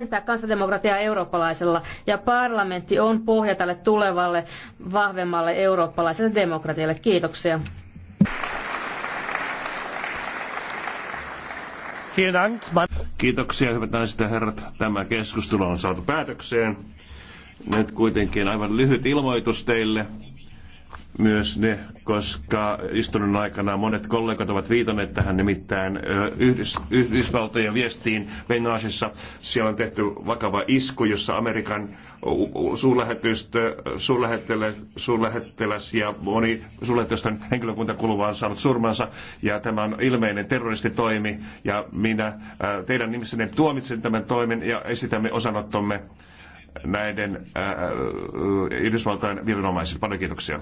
vähentää kansandemokratiaa eurooppalaisella ja parlamentti on pohja tälle tulevalle vahvemmalle eurooppalaiselle demokratialle. Kiitoksia. Kiitoksia hyvät naiset ja herrat. Tämä keskustelu on saatu päätökseen. Nyt kuitenkin aivan lyhyt ilmoitus teille myös ne, koska istunnon aikana monet kollegat ovat viitanneet tähän nimittäin Yhdys, Yhdysvaltojen viestiin Benghazissa. Siellä on tehty vakava isku, jossa Amerikan suurlähetystö, suurlähettiläs, ja moni suurlähetystön henkilökunta kuluva on saanut surmansa. Ja tämä on ilmeinen terroristitoimi ja minä teidän nimissänne tuomitsen tämän toimen ja esitämme osanottomme näiden äh, Yhdysvaltain viranomaisille. Paljon kiitoksia.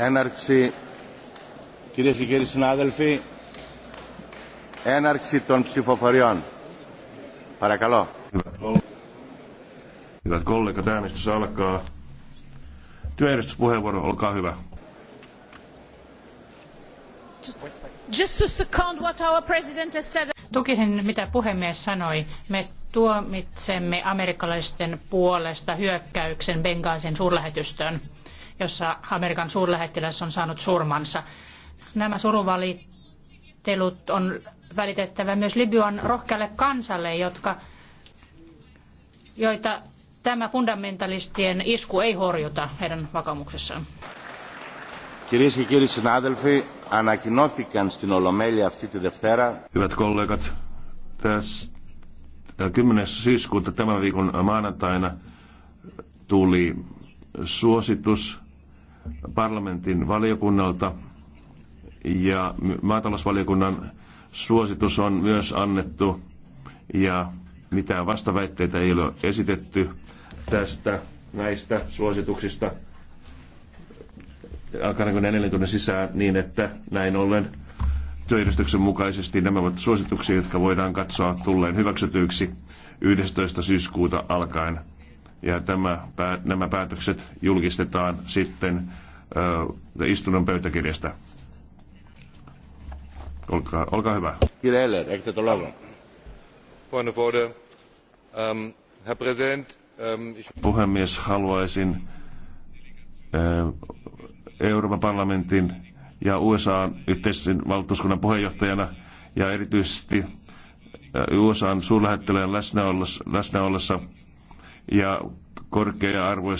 έναρξη κυρίες και κύριοι συνάδελφοι έναρξη των ψηφοφοριών παρακαλώ Hyvät kollegat, äänestys alkaa. Työjärjestyspuheenvuoro, olkaa hyvä. Tukisin, mitä puhemies sanoi. Me tuomitsemme amerikkalaisten puolesta hyökkäyksen Bengaasin suurlähetystöön, jossa Amerikan suurlähettiläs on saanut surmansa. Nämä suruvalittelut on välitettävä myös Libyan rohkealle kansalle, jotka, joita tämä fundamentalistien isku ei horjuta heidän vakaumuksessaan. Κυρίες και κύριοι συνάδελφοι, ανακοινώθηκαν στην Ολομέλεια αυτή τη Δευτέρα. Hyvät kollegat, tässä 10. Äh, syyskuuta tämän viikon maanantaina tuli suositus parlamentin valiokunnalta ja maatalousvaliokunnan suositus on myös annettu ja mitään vastaväitteitä ei ole esitetty tästä näistä suosituksista neljän tunnin sisään niin, että näin ollen työjärjestyksen mukaisesti nämä ovat suosituksia, jotka voidaan katsoa tulleen hyväksytyiksi 11. syyskuuta alkaen. Ja tämä, nämä päätökset julkistetaan sitten ö, istunnon pöytäkirjasta. Olkaa, olkaa hyvä. Kiitos. Ähm, ähm, Puhemies, haluaisin äh, Euroopan parlamentin ja USA yhteisen valtuuskunnan puheenjohtajana ja erityisesti äh, USA suurlähettilään läsnä ollessa ja korkea-arvoista